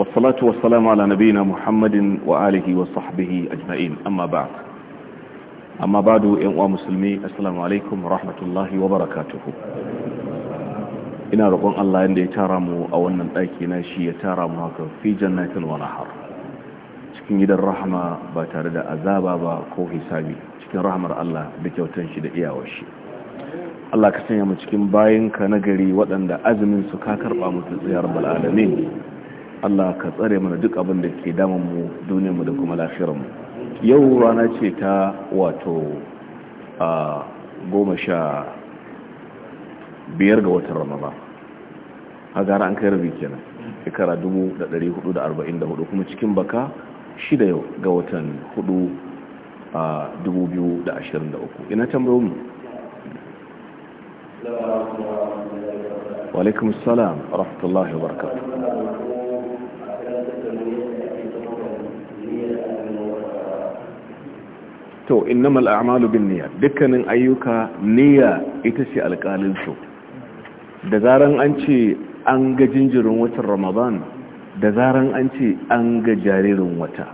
والصلاة والسلام على نبينا محمد وآله وصحبه أجمعين أما بعد أما بعد إنواء مسلمي السلام عليكم ورحمة الله وبركاته ina roƙon Allah yadda ya tara mu a wannan ɗaki na shi ya tara mu haka fi jannatin wa nahar cikin gidan rahama ba tare da azaba ba ko hisabi cikin rahamar Allah da kyautan shi da iyawar shi Allah ka sanya mu cikin bayinka na gari waɗanda azumin su ka karɓa musu tsayar bal'alamin Allah ka tsare mana duk abin da ke damun mu duniyar mu da kuma lafiyar mu yau rana ce ta wato a goma sha biyar ga watan ramadan a gara an kai rabi kenan shekara 1444 kuma cikin baka shida yau ga watan hudu a 2023 ina tambayo mu wa alaikum salam rahmatullahi wa barakatuh to innamal a'malu binniya dukkanin ayyuka niyya ita ce alƙalin su da zaran an ce an ga jinjirin watan ramadan da zaran an ce an ga jaririn wata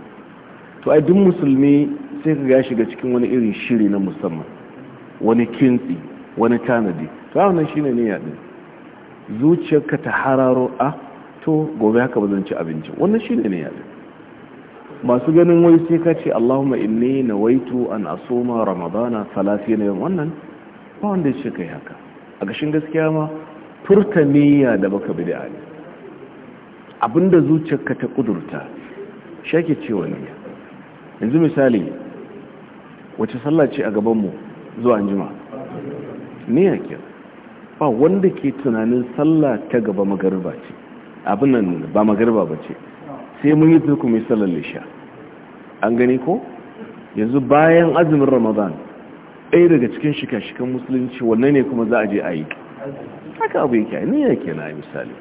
to ai duk musulmi sai ka ga shiga cikin wani irin shiri na musamman wani kintsi wani tanadi to wannan shine niyya din zuciyarka ta hararo a ah, to gobe haka bazan ci abinci wannan shine niyya din masu ganin wai sai ka ce Allahumma inni nawaitu an asuma ramadana salasina yau wannan ba wanda ya kai haka a gashin gaskiya ma furta niyya da baka bid'a ne abinda zuciyarka ta kudurta shake cewa niyya yanzu misali wace sallah ce a gaban mu zuwa anjima niyya ke ba wanda ke tunanin sallah ta gaba magariba ce abin nan ba magariba ba ce sai mun yi turku mai sallar lisha an gani ko yanzu bayan azumin ramadan ɗaya daga cikin shika-shikan musulunci wannan ne kuma za a je a yi haka abu yake ne ya ke na misali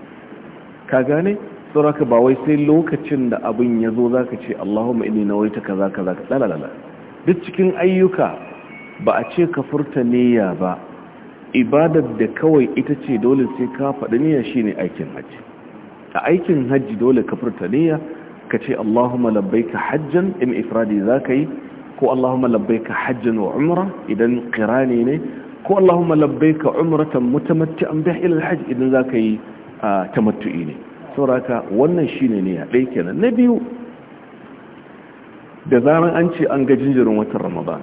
ka gane tsoraka ba wai sai lokacin da abin ya zo za ka ce allahumma inni na wai ta kaza kaza lalala duk cikin ayyuka ba a ce ka furta niyya ba ibadar da kawai ita ce dole sai ka faɗi niyya shine aikin hajji a aikin hajji dole ka furta niyya ka ce Allahumma labbaika hajjan in ifradi zaka yi ko Allahumma labbaika hajjan wa umra idan qirani ne ko Allahumma labbaika umratan mutamatti'an bi ila al-hajj idan zaka yi tamattu'i ne saboda wannan shine niyya dai kenan na biyu da zaran an ce an ga jinjirin watan Ramadan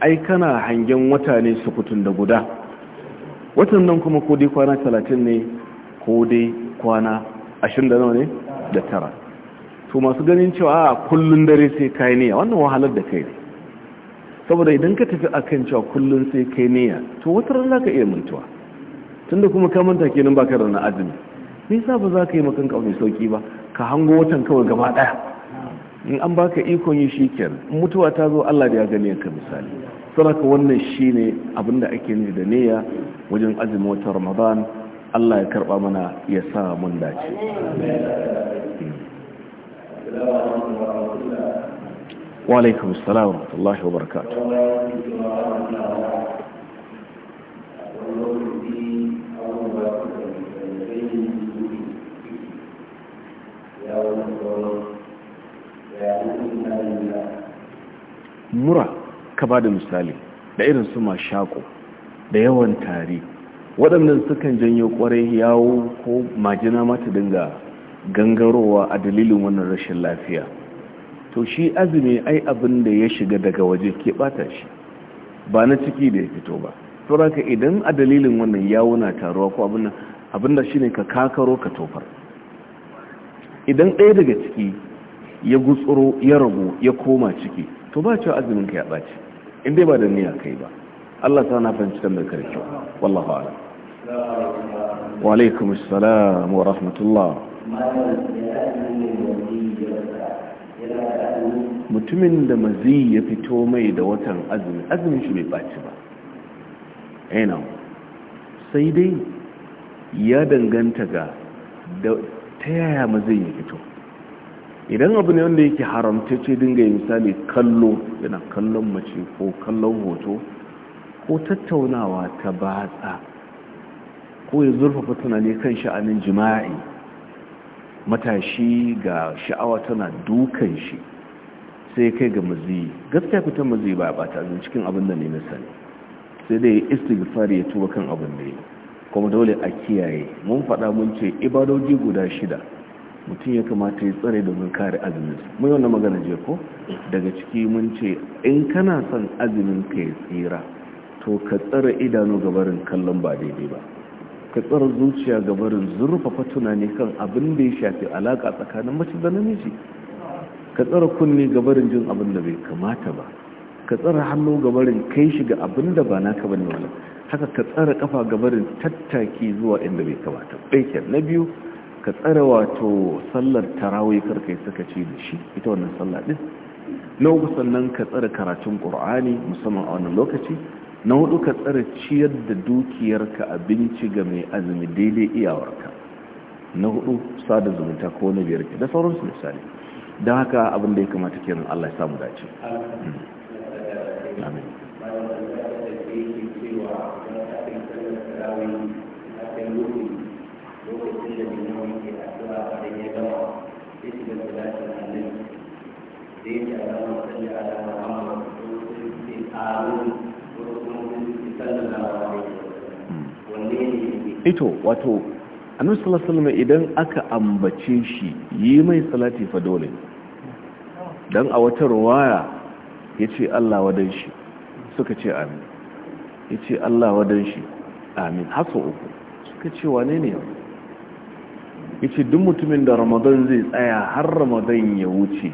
ai kana hangen wata ne sukutun da guda watan nan kuma ko dai kwana 30 ne ko dai kwana ashirin da nawa ne da tara to masu ganin cewa a ah, kullum dare sai kai niyya wannan wahalar da kai ne saboda idan ka tafi akan cewa kullum sai kai niyya to wata rana ka iya mintuwa tunda kuma ka manta kenan baka da azumi me yasa ba za ka yi makan kawai sauki ba ka hango watan kawai gaba daya in an baka ikon yi shikenan mutuwa ta zo Allah da ya gani ka misali saboda wannan shine abinda ake nufi da niyya wajen azumin watan Ramadan Allah ya karba mana ya sa mun dace wa alaikum assalam wa rahmatullahi wa barakatuh mura ka ba da misali da irin su mashako da yawan tari waɗannan sukan janyo ƙwarai yawo ko majina mata dinga gangarowa a dalilin wannan rashin lafiya to shi azumi ai abin da ya shiga daga waje ke bata shi ba na ciki da ya fito ba to raka idan a dalilin wannan yawo na taruwa ko abin da shi ne ka kakaro ka tofar idan ɗaya daga ciki ya gutsuro ya rabu ya koma ciki to ba cewa azumin ka ya ɓaci in dai ba da niyya kai ba Allah ta na fahimci da karfi wallahu a'lam wa السلام ورحمة wa mutumin da mazi ya fito mai da watan azumi azumin shi bai baci ba sai dai ya danganta ga ta yaya mazi ya fito idan abu ne wanda yake haramtacce dinga yin misali kallo yana kallon mace ko kallon hoto ko tattaunawa ta batsa ko ya zurfafa tunani kan sha'anin jima'i matashi ga sha'awa tana dukan shi sai kai ga mazi gaskiya fitan mazi ba ba ta cikin abin da ne na sani sai dai istighfar ya tuba kan abin da kuma dole a kiyaye mun faɗa mun ce ibadoji guda shida mutum ya kamata ya tsare domin kare azumin su mun yi wannan magana je ko daga ciki mun ce in kana son azumin ka ya tsira to ka tsare idanu gabarin kallon ba daidai ba ka tsara zuciya ga barin zurfafa tunani kan abin da ya shafi alaka tsakanin mace da namiji ka tsara kunne ga barin jin abin da bai kamata ba ka tsara hannu ga barin kai shi ga abin da ba naka bane wala haka ka tsara kafa ga barin tattaki zuwa inda bai kamata ɗaya na biyu ka tsara wato sallar tarawih saka ci da shi ita wannan sallah din na uku sannan ka tsara karatun qur'ani musamman a wannan lokaci na hudu ka tsara ciyar da dukiyarka abinci ga mai azumi daidai iyawarka na hudu sada zumunta ko na biyar da sauransu misali don haka abin da ya kamata kiran Allah ya samu dace amin Thank you. ito wato annabi sallallahu alaihi wasallam idan aka ambace shi yi mai salati fa dole dan a wata ruwaya yace Allah wadan shi suka ce amin yace Allah wadan shi amin haka uku suka ce wane ne yace duk mutumin da Ramadan zai tsaya har Ramadan ya wuce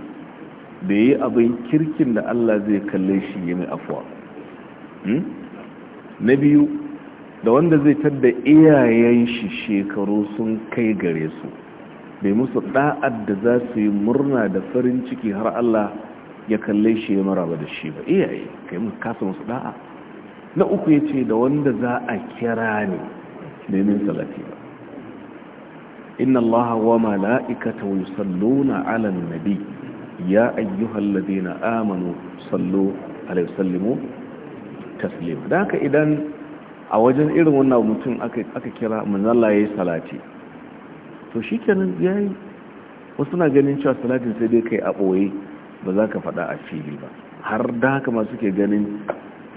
da yi abin kirkin da Allah zai kalle shi yi mai afwa hmm? na biyu da wanda zai tadda iyayen shi shekaru sun kai gare su bai musu da'ad da za su yi murna da farin ciki har Allah ya kalle shi ya maraba da shi ba iyaye kai mu kasa musu da'a na uku ya ce da wanda za a kira ne neman salati ba inna allaha wa mala'ikata wa yusalluna ala nabi ya ayyuhal ladina amanu sallu alaihi wasallimu taslima da haka idan a wajen irin wannan mutum aka kira manzala ya yi salati to shi kenan ya yi wasu na ganin cewa salatin sai dai kai a ɓoye ba za ka faɗa a fili ba har da haka masu ke ganin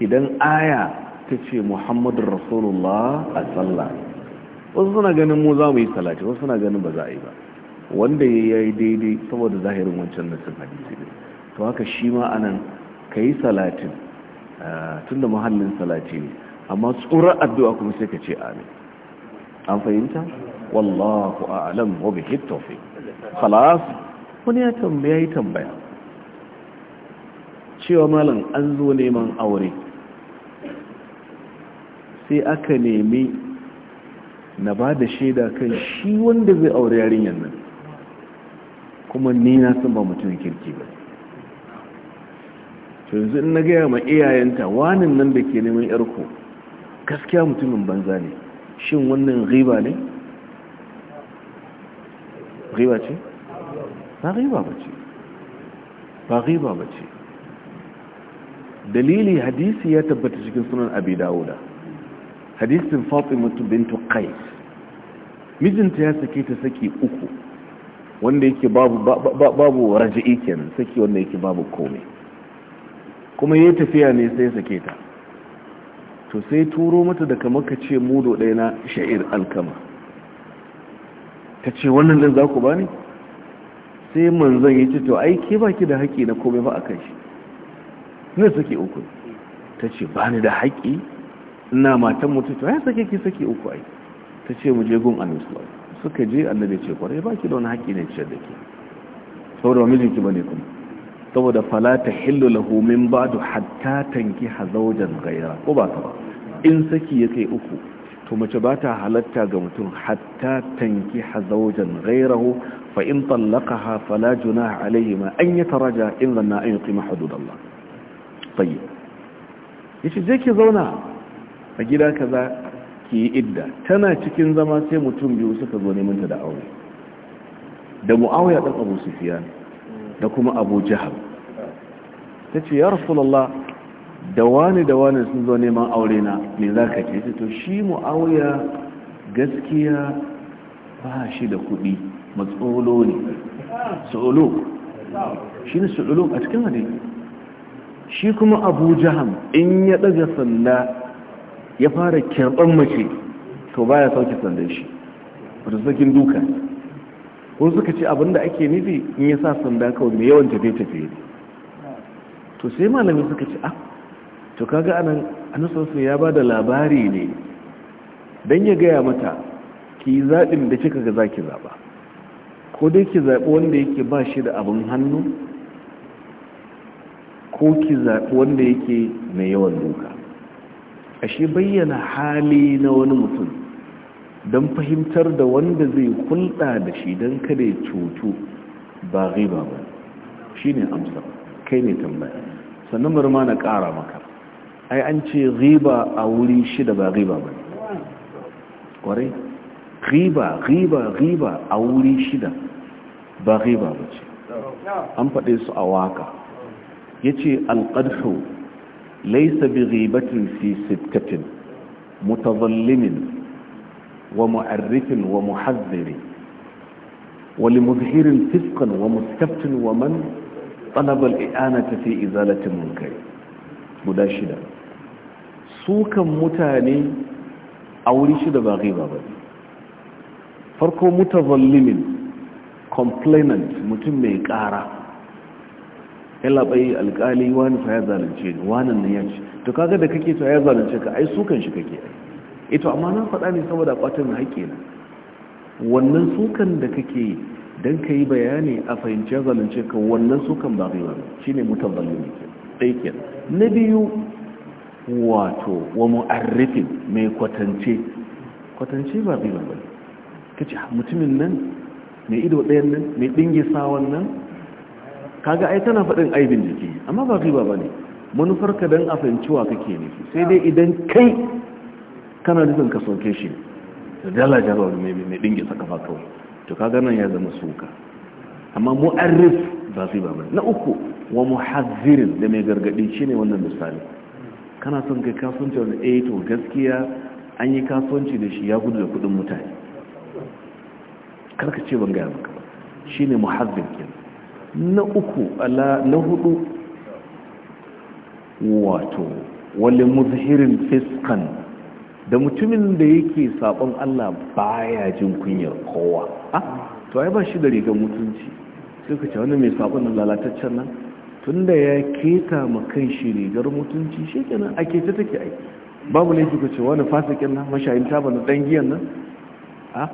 idan aya ta ce muhammadu rasulullah a sallah wasu suna ganin mu za mu yi salati wasu suna ganin ba za a yi ba wanda ya yi daidai saboda zahirin wancan na sun hadisi ne to haka shi ma anan ka yi salatin ah, tunda muhallin salati ne amma tsoron addu'a kuma sai ka ce amin an fahimta wallahu a'lam wa bi hittofi khalas wani ya tambaya yi tambaya cewa malam an zo neman aure sai aka nemi na ba da shaida kan shi wanda zai aure yarinyar nan kuma ni na san ba mutum kirki ba yanzu in na gaya ma iyayenta wanin nan da ke neman yarku. gaskiya mutumin banza ne shin wannan riba ne riba ce ba riba ba ce ba riba ba ce dalili hadisi ya tabbata cikin sunan abi dawuda hadisin fatimatu bintu qais mijinta ya sake ta saki uku wanda yake babu babu raji'i kenan saki wanda yake babu komai kuma yayi tafiya ne sai sake ta to sai turo mata da kamar ka ce mudo ɗaya na sha'ir alkama ta ce wannan ɗin za ku ba ne sai manzan ya ce to ai ke baki da haƙi na komai ba a kan shi ne sake uku ta ce ba ni da haƙi ina matan mutu to ya sake ki sake uku ai ta ce mu je gun annabi suka je annabi ce kwarai baki da wani haƙi ne ciyar da ke wa mijinki ba ne kuma saboda falata hillu lahu min ba'du hatta tanki hazaujan gaira ko ba ta ba in saki ya kai uku to mace ba ta halatta ga mutum hatta tanki hazaujan gairahu fa in tallaqaha fala junaha alayhi ma an yataraja in zanna an yuqima hududallah tayyib yace je ki zauna a gida kaza ki yi idda tana cikin zama sai mutum biyu suka zo neman ta da aure da muawiya ɗan abu sufyan da kuma abu jihar ta ce ya rasulallah da wani da wani sun zo neman aure na me za ka ce to shi mu'awiya gaskiya ba shi da kuɗi matsolo ne tsolo shi ne tsolo a cikin hadisi shi kuma abu in ya ɗaga sanda ya fara kirɓar mace to baya sauke sandan shi a tsakin duka ko suka ce abinda ake nufi in yasa sa sanda kawai mai yawan tafiye-tafiye ne to sai malami suka ce ah to kaga anan anasarsu ya ba da labari ne don ya gaya mata ki yi zaɓin da kika ga za ki zaɓa ko dai ki zaɓi wanda yake ba shi da abin hannu ko ki zaɓi wanda yake mai yawan duka ashe bayyana hali na wani mutum don fahimtar da wanda zai hulɗa da shi don kada ya cutu ba riba ba shi ne amsa kai ne tambaya sannan bari ma na ƙara maka ai an ce riba a wuri shida ba riba ba ƙwarai riba riba riba a wuri shida ba riba ba ce an faɗe su a waka ya ce alƙarfi laisa bi ribatin fi sittatin mutazallimin ومؤرف ومحذر ولمظهر فسقا ومستفت ومن طلب الإعانة في إزالة منكر مداشدا سوكا متاني أولي شد باغيبا بدي farko mutazallimin complainant mutum mai kara yalabai alkali wani fa ya zalunce ni wani nan ya ce to kaga da kake to ya zalunce ka ai sukan shi kake ai ito eh amma na faɗa ne saboda ƙwatan haƙƙi na wannan sukan da kake yi don ka yi bayani a fahimci zalunce ka wannan sukan ba riba ne shi ne mutan zalunce ne ke na biyu wato wa mu'arrifin mai kwatance kwatance ba riba ba ne ka ce mutumin nan mai ido ɗayan nan mai ɗinge sawan nan kaga ai tana faɗin aibin jiki amma ba riba ba ne manufarka don a fahimci wa kake ne sai dai idan kai kana nufin ka sauke shi da dala jaba mai mai dinge saka fa kawai to kaga nan ya zama suka amma mu'arrif ba su ba na uku wa muhazzirin da mai gargadi shine wannan misali kana son kai kasuwanci wani eh to gaskiya an yi kasuwanci da shi ya gudu da kudin mutane karka ce ban gaya maka shine muhazzir ke na uku ala na hudu wato wale muzhirin fiskan da mutumin da yake sabon Allah baya jin kunyar kowa to ai ba shi da rigar mutunci sai ka ce wani mai sabon nan lalataccen nan tunda ya keta ma kan shi rigar mutunci kenan a keta take ai babu laifi ka ce wani fasikin nan mashayin ta bana dan giyan nan a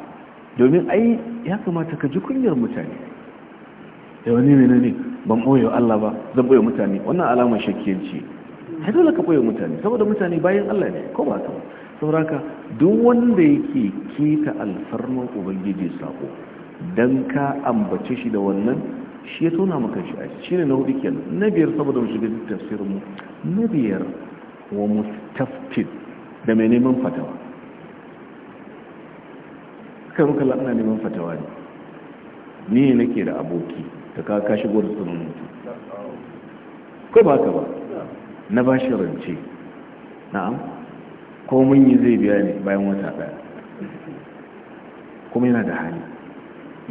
domin ai ya kamata ka ji kunyar mutane da wani ne ne ban boye Allah ba zan boye mutane wannan alamar shakkiyanci sai dole ka boye mutane saboda mutane bayan Allah ne ko ba ta ba sauraka duk wanda yake keta alfarman ubangiji sako don ka ambace shi da wannan shi ya tona maka shi a shi ne na hudu kenan na biyar saboda mu shiga tafsirin mu na biyar wa mustaftin da mai neman fatawa karu kala ana neman fatawa ne ni ne nake da aboki ta ka ka shigo da sunan mutu ko ba ka ba na ba shi rance na'am ko mun yi zai biya ne bayan wata daya kuma yana da hali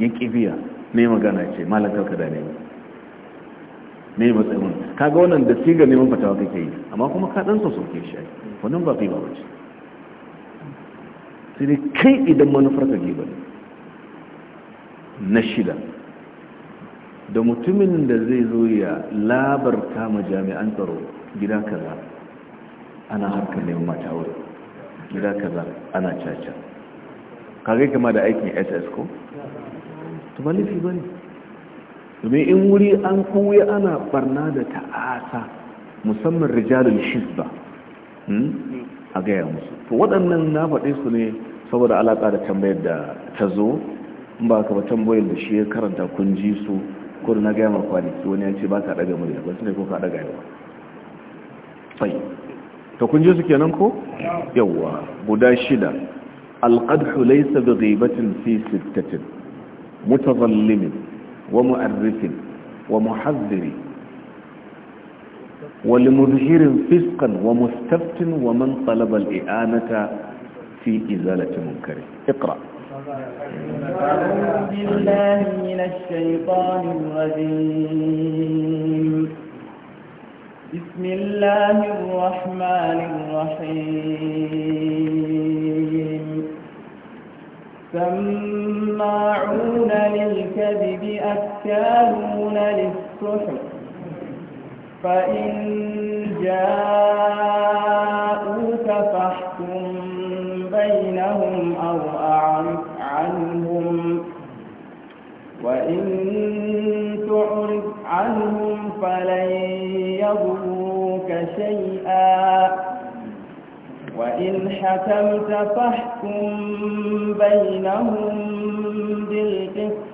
ya ƙi biya ne magana ce malakar ka da ne ne matsayin kaga wannan da siga neman fatawa kake yi amma kuma ka ɗansa soke shi wannan ba kai ba wace sai dai kai idan manufar ka ne na shida da mutumin da zai zo ya labarta ma jami'an tsaro gida kaza ana harkar neman mata gida kaza ana caca kage kama da aikin ss ko to ba laifi ba ne domin in wuri an koya ana barna da ta'asa musamman rijalul shizba hmm? a gaya musu to waɗannan na faɗe su ne saboda alaƙa da tambayar da ta zo in ba ka ba tambayar da shi ya karanta kun ji su ko da na gaya ma kwanaki wani ya ce ba ka ɗaga murya ba su ne ko ka ɗaga yawa to kun ji su kenan ko yawa guda shida alqadhu laysa bi ghibatin fi sittatin mutazallimin wa mu'arrifin wa muhazzir wa limudhhir fisqan wa mustaftin wa man talaba al-i'anata fi izalati munkari iqra أعوذ بالله من الشيطان الرجيم بسم الله الرحمن الرحيم سماعون للكذب أكالون للسحر فإن جاءوك فاحكم بينهم أو أعرف عنهم وإن تعرف عنهم فلن شيئا وإن حكمت فاحكم بينهم بالقسط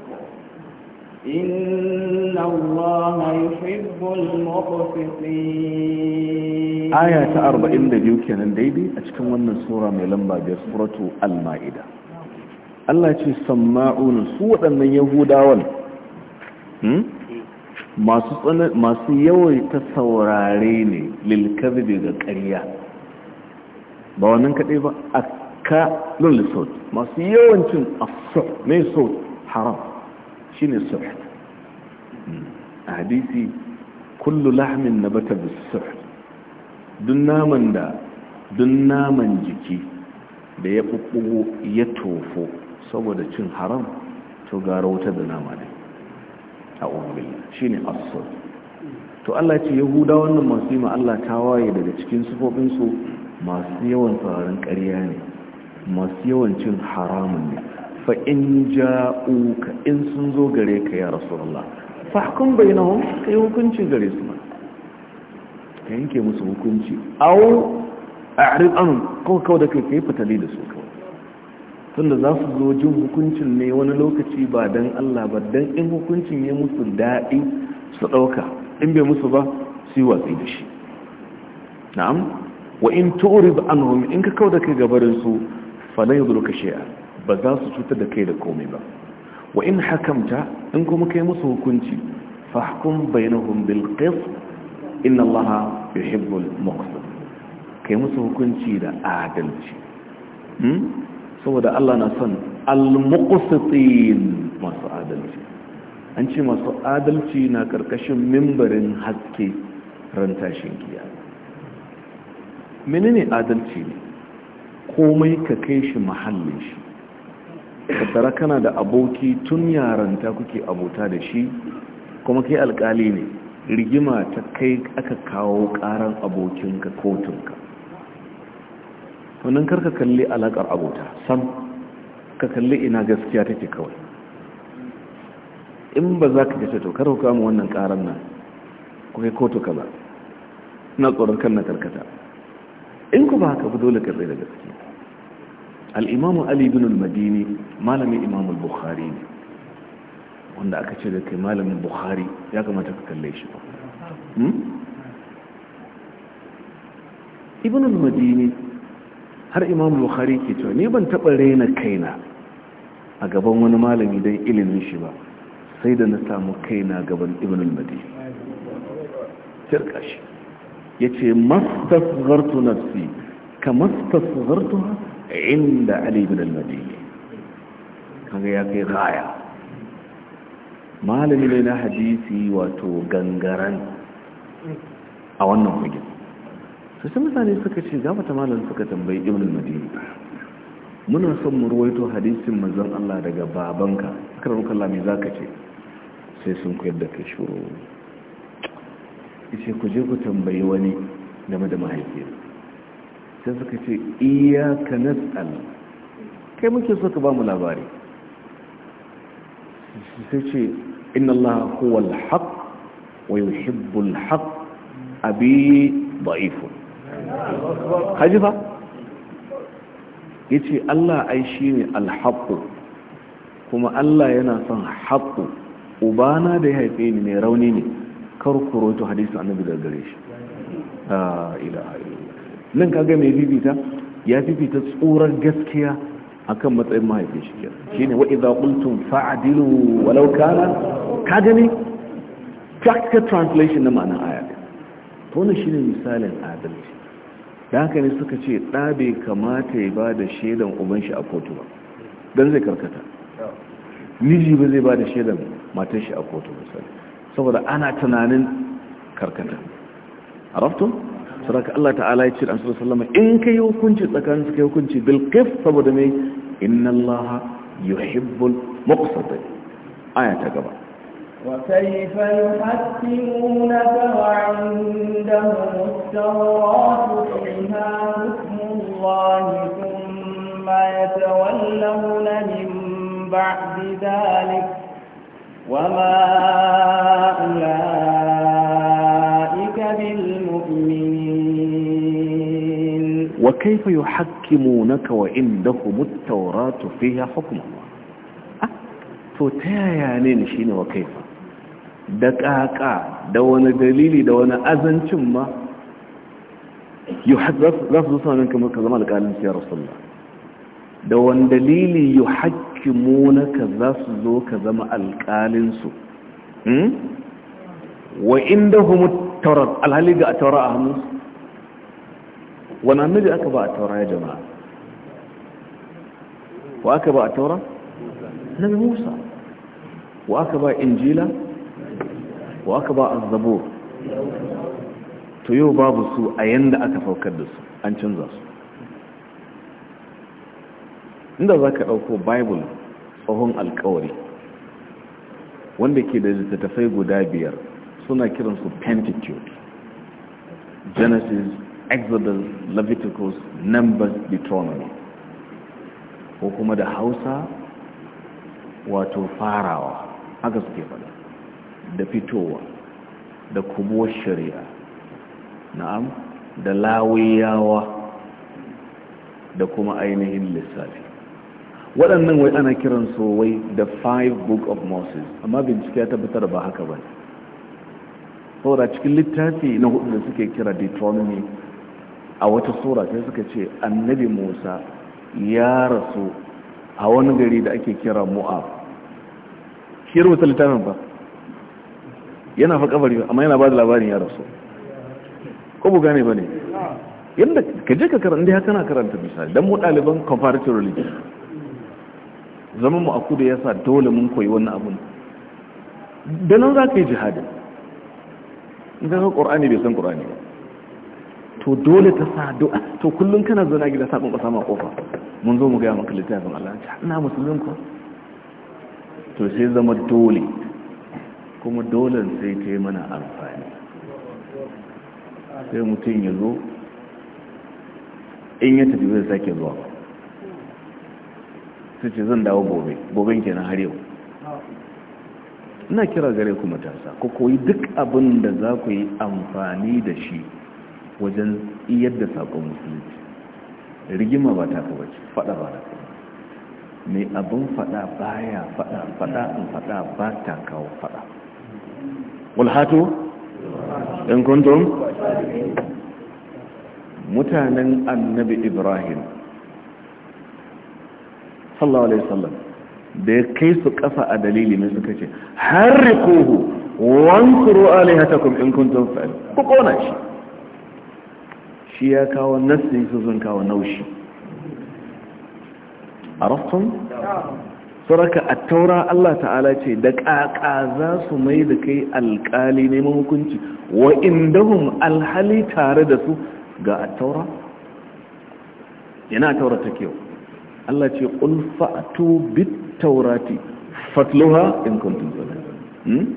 إن الله يحب المقسطين آية 40 ديو كان ديدي أتكلم من سورة ميلمبا بسورة المائدة Allah ce samma'un su waɗannan yahudawan masu yawai ta saurare ne lilkazibi ga ƙarya ba wannan kaɗai ba a ka sau masu yawancin afsar mai sau haram shi ne sau hmm. a hadisi kullu lahamin na bata bisur dun naman da dun naman jiki da ya ɓuɓɓugo ya tofo saboda cin haram to gara wuta da nama ne a'udhu billah shine asr to Allah ce yahuda wannan masu ma Allah ta waye daga cikin sufofin su masu yawan tsarin ƙarya ne masu yawan cin haramun ne fa in ja'uka in sun zo gare ka ya rasulullah hukum bainahum kai hukunci gare su ma ka yanke musu hukunci aw a'rid anhum ko kawai da kai kai fitali da su kawai tunda za su zo jin hukuncin ne wani lokaci ba don Allah ba don in hukuncin ya musu daɗi su ɗauka in bai musu ba su yi watsi da shi na'am wa in ba an homi in ka kauda kai gabarin su falan shi'a ba za su cutar da kai da komai ba wa in hakamta in kuma kai musu hukunci fahkum bainahum bil qist inna ya yuhibbul muqsit kai musu hukunci da adalci hmm? saboda Allah na son al-muqsitin masu adalci an ce masu adalci na karkashin mimbarin haske ran tashin kiyama menene adalci ne komai ka kai shi mahallin shi ka tara kana da aboki tun yaran ta kuke abota da shi kuma kai alkali ne rigima ta kai aka kawo karan abokinka kotunka wannan karka kalli alaƙar abota sam ka kalli ina gaskiya take kawai in ba za ka kace to kar ku wannan ƙarar nan ku kai kotu ba na tsoron kan na karkata in ku ba haka ba dole ka tsaye da gaskiya al'imamu ali bin al-madini malamin imamu al-bukhari ne wanda aka ce da kai malamin bukhari ya kamata ka kalle shi ba hmm? ibn al-madini har imam bukhari ke cewa ni ban taɓa raina kaina a gaban wani malami don ilimin shi ba sai da na samu kaina gaban ibn al-madi shirkashi ya ce na nafsi ka mastasghartu inda alibin al-madi kaga ya kai raya. malami ne na hadisi wato gangaran a wannan fagen su sai mutane suka ce ga mata malam suka tambayi ibn madini muna son mu ruwaito hadisin manzon Allah daga babanka akrar kallah me zaka ce sai sun koyar da kai shuru ishe ku je ku tambayi wani game da mahaifi sai suka ce iyyaka nas'al kai muke so ka ba mu labari sai ce inna Allah huwa al-haq wa yuhibbu al-haq abi kaji fa yace Allah ai shine al-haqqu kuma Allah yana son haqqu ubana da ya haife ni ne rauni ne kar ku roto hadisi annabi da gare shi a nan kaga mai bibita ya fifita tsorar gaskiya akan matsayin mahaifin shi ke shine wa idza qultum fa'dilu walau kana ka gani practical translation na ma'ana aya to shi shine misalin adalci da haka ne suka ce ɗa bai kamata ya ba da shaidan uban shi a kotu ba don zai karkata miji ba zai ba da shaidan matanshi a kotu misali saboda ana tunanin karkata a raftun saraka Allah ta'ala ya ce an sura sallama in ka yi hukunci tsakanin suka yi hukunci bilkif saboda mai inna Allah yuhibbul muqsadin aya ta gaba وكيف يحكمونك وعندهم التوراة فيها حكم الله ثم يتولون من بعد ذلك وما أولئك بالمؤمنين وكيف يحكمونك وعندهم التوراة فيها حكم الله أه؟ فتايا نين يعني شين وكيف da ƙaƙa da wani dalili da wani azancin ma yi za su zuwa nan kamar ka zama alƙalin siyar rasulullah da wani dalili yi hakimu na ka za su zo ka zama alƙalinsu hmm? wa inda kuma taurat alhali ga a taura a hannunsu wani annabi aka ba a taura ya jama'a wa aka ba a taura nabi musa wa aka ba injila wa aka ba azzabur to yau babu su a yanda aka faukar da su an canza su inda za ka ɗauko bible tsohon alkawari wanda ke da littattafai guda biyar suna kiransu pentateuch genesis exodus leviticus numbers deuteronomy ko kuma da hausa wato farawa haka suke faɗa da fitowa da kubuwar shari'a na'am da lawiyawa da kuma ainihin lissafi waɗannan wai ana kiran so wai the five book of moses amma bincike ya tabbatar ba haka ba saboda cikin littafi na hudu da suke kira deuteronomy a wata saura sai suka ce annabi musa ya rasu a wani gari da ake kira muaf shi rubuta littafin ba yana fa kabari amma yana ba da labarin ya rasu ko bu gane ba ne yadda ka je ka karanta ya kana karanta misali don mu ɗaliban comparative religion zaman mu a kudu ya sa dole mun koyi wannan abu da nan za ka yi jihadin in ka san ƙorani bai san ƙorani ba to dole ta sa du'a to kullum kana zo na gida sabon ƙasa ma kofa mun zo mu gaya maka littafin Allah ina musulmin ko to sai zama dole kuma dole sai ta yi mana amfani sai mutum ya zo in ya tafi da sake zuwa su ce zan dawo gobe goben na har yau ina kira gare ku matasa ko koyi duk abin da za ku yi amfani da shi wajen iyar da saƙon musulunci rigima ba ta ka ce fada ba ta mai abin faɗa baya fada faɗa in fada ba ta kawo fada walhatu in kuntum mutanen annabi ibrahim sallallahu alaihi wasallam da ya kai su kasa a dalili mai suka ce harrikuhu wansuru alihatakum in kuntum fa'il ku kona shi shi ya kawo nasi su zun kawo naushi araftum saraka a taura Allah ta'ala ce da ƙaƙa za su mai da kai alƙali neman hukunci wa indahum alhali tare da su ga a taura yana taura ta kyau Allah ce ƙul bit taurati fatluha in kuntum zalim hmm?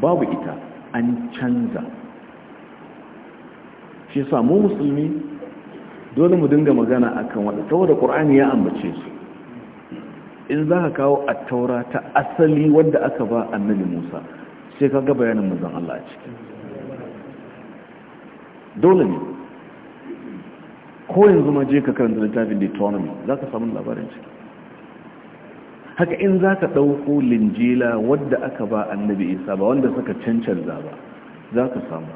babu ita an canza shi samu mu musulmi dole mu dinga magana akan wadda Tawada ya ambace su in za ka kawo a taura ta asali wadda aka ba annabi musa sai ka ga bayanin mazan allah a ciki dole ne ko yanzu ma je ka karanta littafin deuteronomy za ka samu labarin ciki haka in za ka ɗauko linjila wadda aka ba annabi isa ba wanda suka cancanza ba za ka samu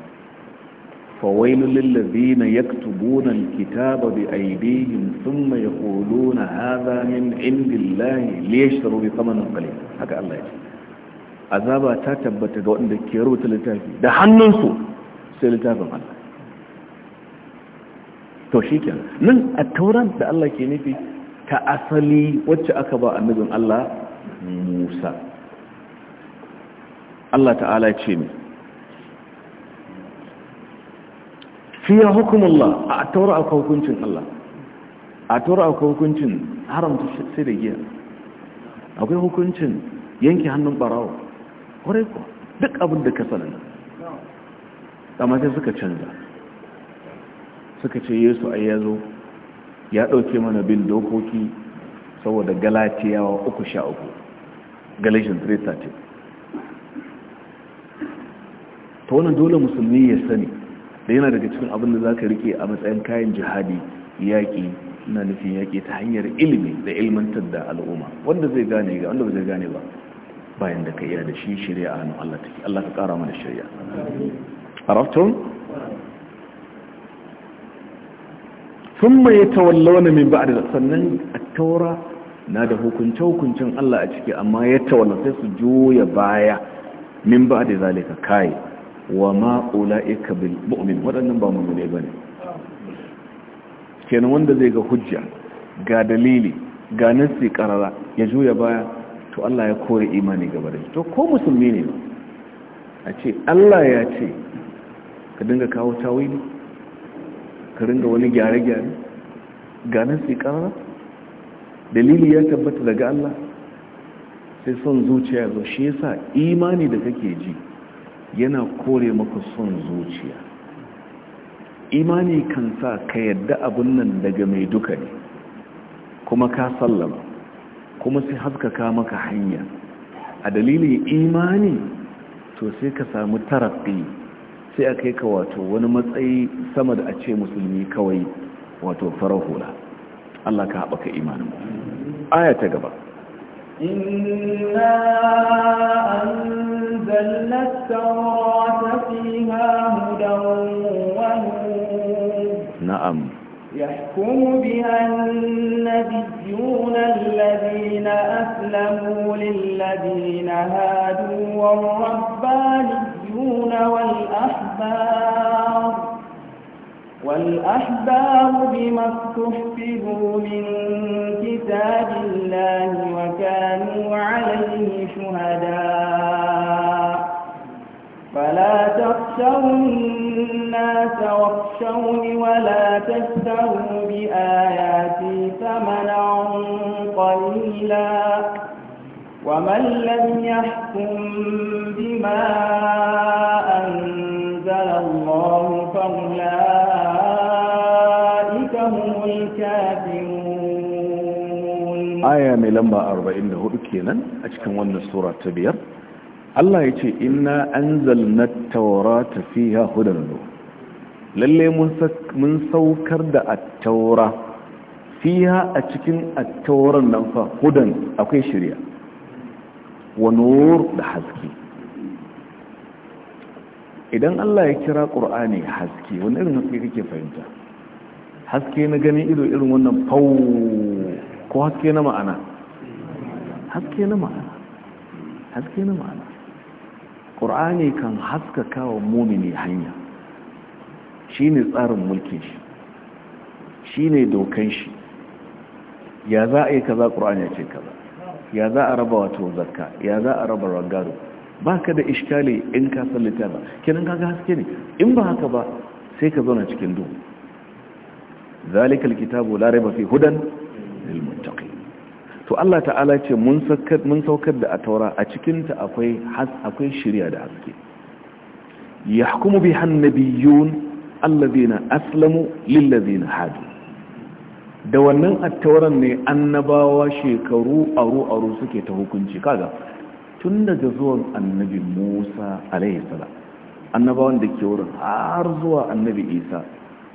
فويل للذين يكتبون الكتاب بأيديهم ثم يقولون هذا من عند الله ليشتروا بثمن قليل هكا الله يجي عذابا تتبت ga wanda ke rubuta littafi da hannunsu sai littafin Allah to shikenan nan a tauran da Allah ke nufi ta asali wacce aka ba annabin Allah Musa Allah ta'ala ce ne fiye hukumullah a taura akwai hukuncin Allah a taura akwai hukuncin haramta sai da giya akwai hukuncin yanke hannun barawa kwarai kuwa duk abin da ka da amma sai suka canza suka ce yesu a yazo ya ɗauke mana bin dokoki saboda galatiyawa uku sha uku galatians 3:13 ta wani dole musulmi ya sani da yana daga cikin abin da za ka rike a matsayin kayan jihadi yaƙi na nufin yaƙi ta hanyar ilimi da ilmantar da al'umma wanda zai gane ga wanda zai gane ba bayan da ka yana da shi shirya a hannun Allah take Allah ka ƙara mana shirya arafton sun mai tawallona min ba da sannan a taura na da hukunce-hukuncen Allah a ciki amma ya tawalla sai su juya baya min ba da zalika kai wa ma'ula'ika bil mu'min waɗannan ba mummune ba ne kenan wanda zai ga hujja ga dalili ga nasi karara ya juya baya to Allah ya kore imani gaba da to ko musulmi ne a ce Allah ya ce ka dinga kawo tawili ka dinga wani gyare-gyare ga nasi karara dalili ya tabbata daga Allah sai son zuciya zo shi yasa imani da kake ji yana kore maka son zuciya imani kan sa ka yadda abin nan daga mai duka ne kuma ka sallama kuma sai haskaka maka hanya a dalilin imani to sai ka samu tarafi sai a kai ka wato wani matsayi sama da a ce musulmi kawai wato farar Allah ka haɓaka imanin aya ta gaba إنا أنزلنا التوراة فيها هدى ونور نعم يحكم بها النبيون الذين أسلموا للذين هادوا والربانيون والأحبار والأحباب بما استحفظوا من كتاب الله وكانوا عليه شهداء فلا تخشوا الناس واخشوني ولا تشتروا بآياتي ثمنا قليلا ومن لم يحكم بما أنزل الله فأولئك هم الكافرون آية kenan a cikin إكينا أشكم وانا سورة تبير الله يتي إنا أنزلنا التوراة فيها هدى نور lalle mun saukar da taura fiha a cikin tauran nan fa hudan akwai shirya wa nur da haske idan Allah ya kira qur'ani haske wani irin haske kake fahimta haske na ganin ido irin wannan fau ko haske na ma'ana haske na ma'ana haske na ma'ana ƙur'ani kan haska kawo momini hanya shi ne tsarin mulkin shi shi ne dokan shi ya za a yi kaza ƙur'ani ya ce kaza ya za a raba wato zakka ya za a raba rangado ba ka da ishkali in ka san littafi kenan kaga haske ne in ba haka ba sai ka zauna cikin duhu zalikal kitabu la raiba fi hudan lil to Allah ta'ala ce mun saukar mun saukar da ataura a cikin ta akwai akwai shari'a da haske yahkumu biha annabiyun alladhina aslamu lilladhina hadu da wannan attauran ne annabawa shekaru aru aru suke ta hukunci kaga tun daga zuwan annabi Musa alaihi salam annabawan da ke wurin har zuwa annabi Isa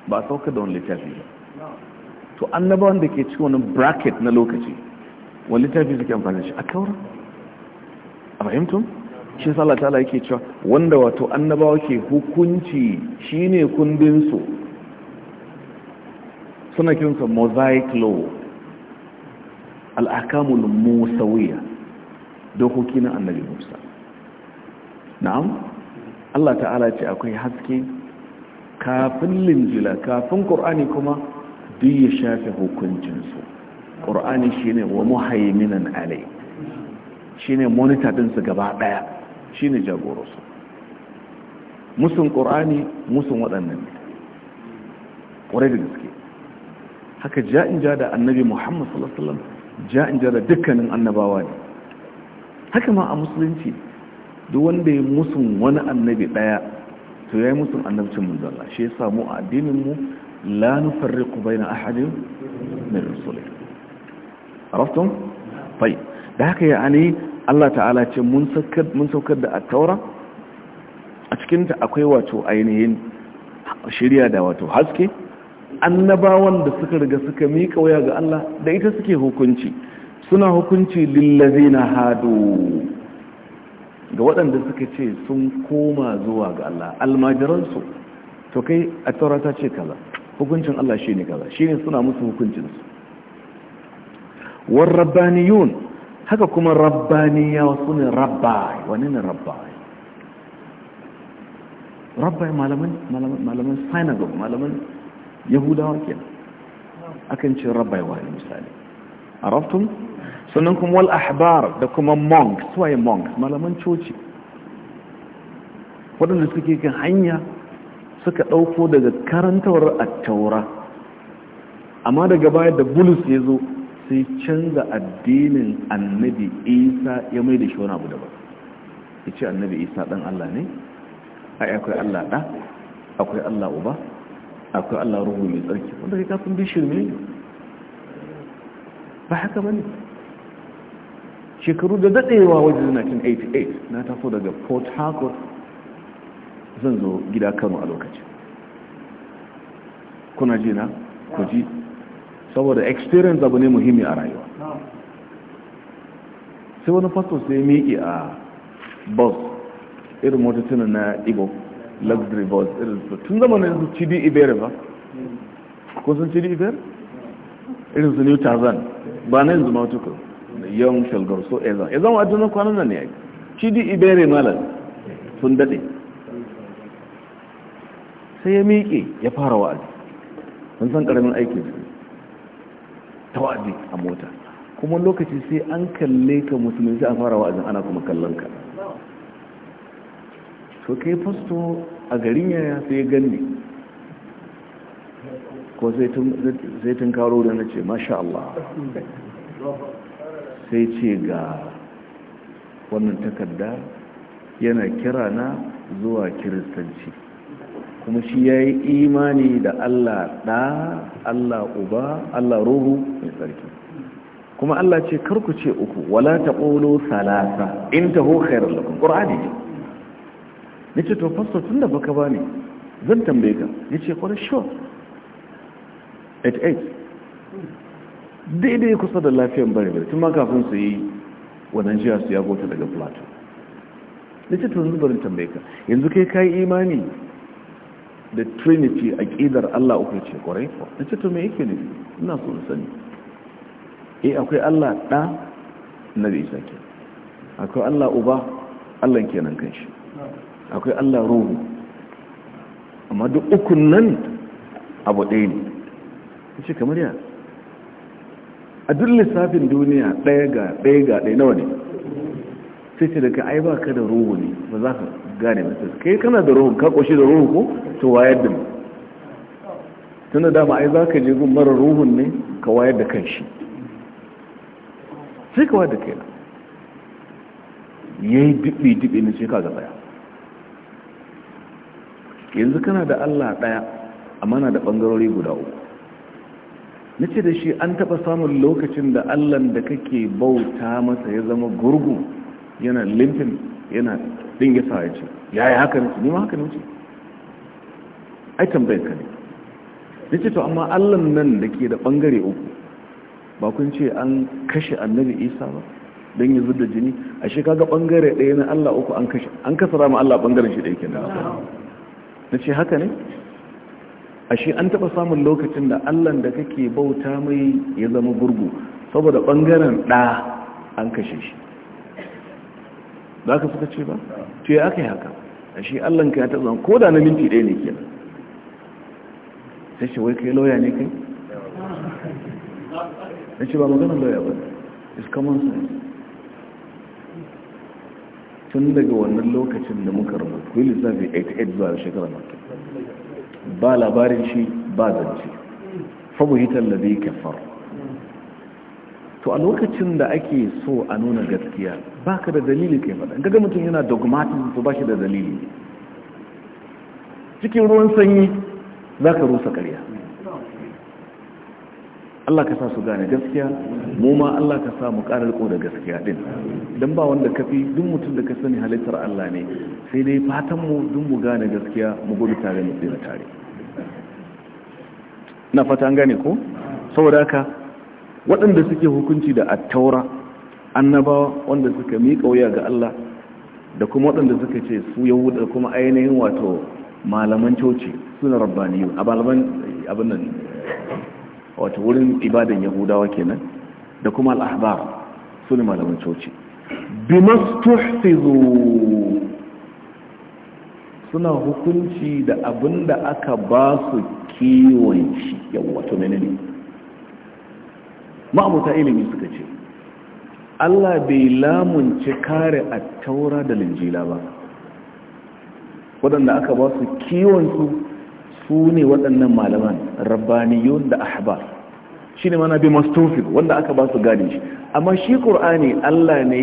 ba saukar da wani littafi ba to annabawan da ke cikin wani bracket na lokaci wani littafi suke amfani shi a kaura a fahimtum shi sa Allah yake cewa wanda wato annabawa ke hukunci shine kundin su suna kinsa mosaic law al musawiya dokoki na annabi Musa na'am Allah ta'ala ce akwai haske kafin linjila kafin qur'ani kuma duk ya shafi hukuncinsu shi ne wa muhaiminan alai ne monitor dinsu gaba ɗaya ne jagoransu musun ƙur'ani musun waɗannan ne, ƙwarai da gaske haka ja'in ja da annabi muhammad sallallahu alaihi wasallam ja'in ja da dukkanin annabawa ne haka ma a musulunci duk wanda ya musun wani annabi ɗaya to ya yi musun annabcin zalla shi ya samu a addininmu لا نفرق بين أحد من رسوله عرفتم؟ طيب ذاك يعني الله تعالى من سوكد التورة أتكنت واتو أينهين shirya da wato haske annabawan da suka riga suka mika waya ga Allah da ita suke hukunci suna hukunci lillazina hadu ga waɗanda suka ce sun koma zuwa ga Allah almajiransu to kai a taurata ce kaza hukuncin Allah shi ne kaza shi ne suna musu hukuncinsu war rabbaniyun haka kuma rabbaniya su ne rabbai wani ne rabbai rabbai malaman synagogue malaman yahudawa kenan akan ce rabbai wani misali a raftun sannan kuma wal ahbar da kuma monks suwaye monks malaman coci waɗanda suke kan hanya suka ɗauko daga karantawar taura amma daga baya da bulus ya zo sai canza addinin annabi isa ya mai da shi wani abu daban ya ce annabi isa ɗan allah ne ai akwai allah ɗa akwai allah uba akwai allah ruhu mai tsarki wanda kai kafin bishir ne ba haka ba ne shekaru da daɗewa wajen 1988 na taso daga port harcourt zan zo gida kano a lokacin kuna ji na ku ji saboda experience abu ne muhimmi a rayuwa sai wani pastor sai miƙi a bus irin motocin na igbo luxury bus irin su tun zama na su cd ibere ba ko sun cd ibere irin su new tarzan ba na yanzu da yawan shalgar so ezan ezan wa adana kwanan nan ne cd ibere malam sun daɗe sai ya miƙe ya fara wa'azi sun san ƙaramin aikin su ta wa'azi a mota kuma lokaci sai an kalle ka musulmi sai a fara wa'azin ana kuma kallon ka to kai fasto a garin yaya sai ya gani ko sai tun karo da na ce masha Allah sai ce ga wannan takarda yana kira na zuwa kiristanci kuma shi ya yi imani da Allah ɗa Allah uba Allah ruhu mai tsarki kuma Allah ce karku ce uku wala ta ƙolo salasa in ta ho khairar lakon ƙorani ne Ya ce to fasto tun da baka ba ne zan tambaye ka ya ce kwanar sure at daidai kusa da lafiyan bari bari tun ma kafin su yi wannan jiya su ya gota daga plateau Ya ce to zubarin tambaye ka yanzu kai ka yi imani da trinity a ƙidar allah uku ce ƙwarai ko na ce to me yake ina so sani E, akwai allah ɗa na da isa ke akwai allah uba allah kenan kan shi akwai allah ruhu amma duk ukun nan abu ɗaya ne ya ce kamar ya a duk lissafin duniya ɗaya ga ɗaya ga ɗaya nawa ne sai ce daga ai ba ka da ruhu ne ba za ka gane ba kai kana da ruhu ka koshi da ruhu ko to wayar da mu tun da dama ai za ka je gun mara ruhun ne ka wayar da kan shi sai ka wayar da kai na ya yi diɓi-diɓi na shekara ga ɗaya yanzu kana da allah ɗaya amma na da ɓangarori guda uku na ce da shi an taɓa samun lokacin da allan da kake bauta masa ya zama gurgun yana limfin yana dinga sa ya ce ya yi haka nace ni ma haka nace ai tambayin ka ne ce to amma allan nan da ke da bangare uku ba kun ce an kashe annabi isa ba don ya da jini a shekaga kaga bangare ɗaya na allah uku an kashe an kasa rama allah bangaren shi ɗaya ke da na ce haka ne a shi an taɓa samun lokacin da allan da kake bauta mai ya zama gurgu saboda bangaren ɗa an kashe shi ba ka suka ce ba to ya aka yi haka a shi allanka ya taɓa ko da na minti ɗaya ne ke sai shi wai kai lauya ne kai na ce ba maganin lauya ba is common sense tun daga wannan lokacin da muka rabu kuyi lissafi 88 zuwa shekara mata ba labarin shi ba zance fabuhitar da zai kafar to a lokacin da ake so a nuna gaskiya ba ka da dalili kai faɗa gaga mutum yana dogmatic to ba shi da dalili cikin ruwan sanyi za ka rusa ƙarya Allah ka sa su gane gaskiya mu ma Allah ka sa mu ƙarar ko da gaskiya din don ba wanda kafi duk mutum da ka sani halittar Allah ne sai dai fatan mu duk mu gane gaskiya mu gudu tare mu tsira tare na fata an gane ko saboda haka waɗanda suke hukunci da attaura annabawa wanda suka miƙa wuya ga Allah da kuma waɗanda suka ce su yahuda kuma ainihin wato malaman coci suna rabbaniyu a malaman abinan nan wato wurin ibadan yahudawa kenan da kuma al'ahbar su ne malaman coci masu suna hukunci da abin da aka ba su kiwon shi yawa wato menene ma'amuta ilimi suka ce Allah bai lamunce kare a taura da linjila ba waɗanda aka ba su kiwonsu su ne waɗannan malaman rabbaniyun da ahbar shi ne mana bi mastofin wanda aka ba su gani shi amma shi ƙur'ani Allah ne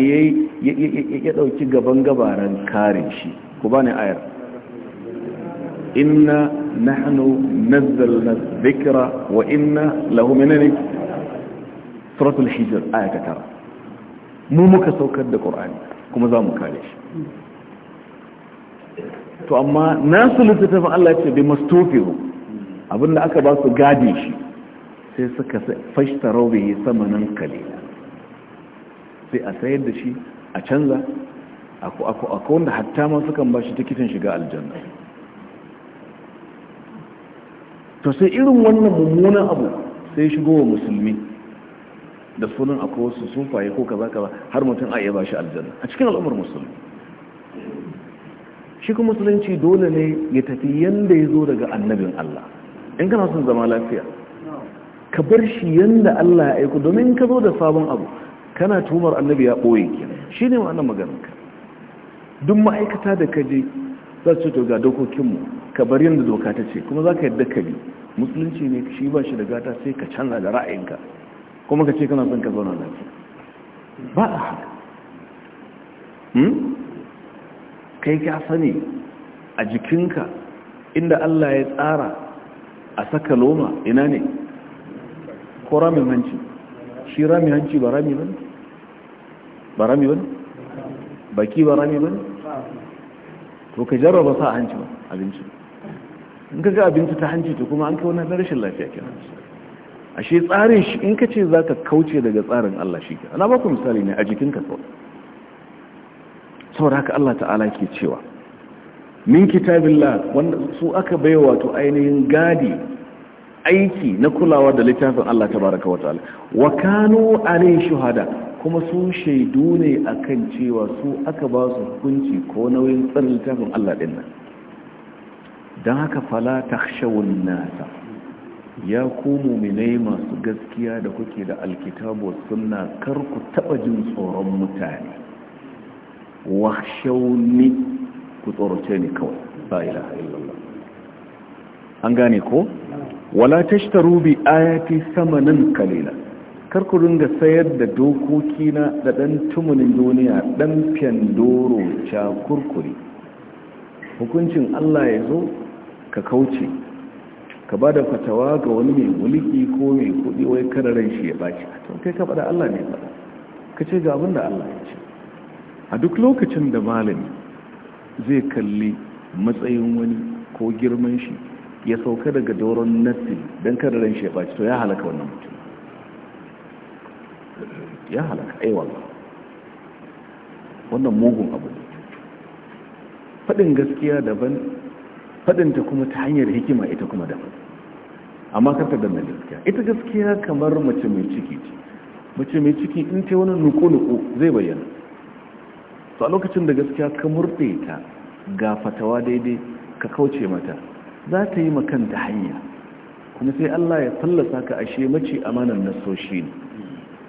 ya ɗauki gaban gabaran kare shi ku ba ne ayar inna nahnu nazzalna dhikra wa inna lahu suratul hijr aya ta tara mu muka saukar da qur'ani kuma za mu kare shi to amma nasu littattafin Allah ce bi mastofiru abinda aka ba su gadi shi sai suka fashta sama nan kalila sai a sayar da shi a canza akwai wanda hatta ma sukan ba shi tikitin shiga aljanna to sai irin wannan mummunan abu sai shigo wa musulmi da sunan akwai wasu sufaye ko kaza kaza har mutum a iya ba shi aljanna a cikin al'ummar musulmi shi kuma musulunci dole ne ya tafi yanda ya zo daga annabin Allah in kana son zama lafiya ka bar shi yanda Allah ya aiko domin ka zo da sabon abu kana tumar annabi ya ɓoye ki shi ne maganar ka duk ma'aikata da ka je za su to ga dokokinmu ka bar yadda doka ta ce kuma za ka yadda ka bi musulunci ne shi ba shi da gata sai ka canza da ra'ayinka kuma ka ce kana son ka zauna lafiya ba a haka hmm? kai ka sani a jikinka inda Allah ya tsara a saka loma ina ne ko rami hanci shi rami hanci ba rami bane ba rami bane baki ba rami bane to ka jarraba sa hanci ba abinci in ka ga abinci ta hanci to kuma an kai wani rashin lafiya kenan ashe tsarin shi in ka ce za ka kauce daga tsarin Allah shi ke ana ba ku misali ne a jikinka sau saboda haka Allah ta'ala ke cewa min kitabillah wanda su aka baiwa wato ainihin gadi aiki na kulawa da littafin Allah baraka wa ta'ala wa kanu alai shuhada kuma su shaidu ne akan cewa su aka ba su hukunci ko nauyin tsarin littafin Allah din nan don haka fala takhshawun nasa ya ku muminai masu gaskiya da kuke da alkitabu sunna kar ku taba jin tsoron mutane wahshawni ku tsorace ni kawai la ilaha illallah an gane ko wala tashtaru bi ayati samanan kalila kar ku dinga sayar da dokoki na da dan tumunin duniya dan doro cha kurkuri hukuncin Allah ya zo ka kauce ka ba da fatawa ga wani mai mulki ko mai kudi wai ran shi ya baci to kai ka bada Allah ne fada ka ce ga abin da Allah ya ce a duk lokacin da malami zai kalli matsayin wani ko girman shi ya sauka daga doron nassi don ran shi ya baci to ya halaka wannan mutum ya halaka wallahi wannan mugun abu ne faɗin gaskiya daban faɗinta kuma ta hanyar hikima ita kuma da amma karka danna gaskiya ita gaskiya kamar mace mai ciki ce mace mai ciki in ce wani nuku zai bayyana su a lokacin da gaskiya ka murɗe ta ga fatawa daidai ka kauce mata za ta yi ta hanya kuma sai Allah ya fallasa ka ashe mace amanar nasoshi ne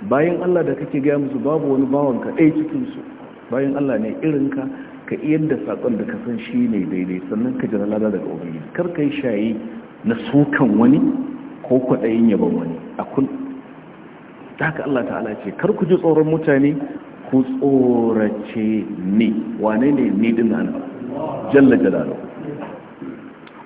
bayan Allah da kake gaya musu babu wani bawan ka ɗaya cikinsu bayan Allah ne irinka ka iyan da saƙon da ka san shi ne daidai sannan ka jira lada daga obin kar ka yi shayi na sukan wani ko kwaɗayin yaban wani a kun haka Allah ta'ala ce kar ku ji tsoron mutane ku tsorace ne wane ne ni din nan jalla jalalu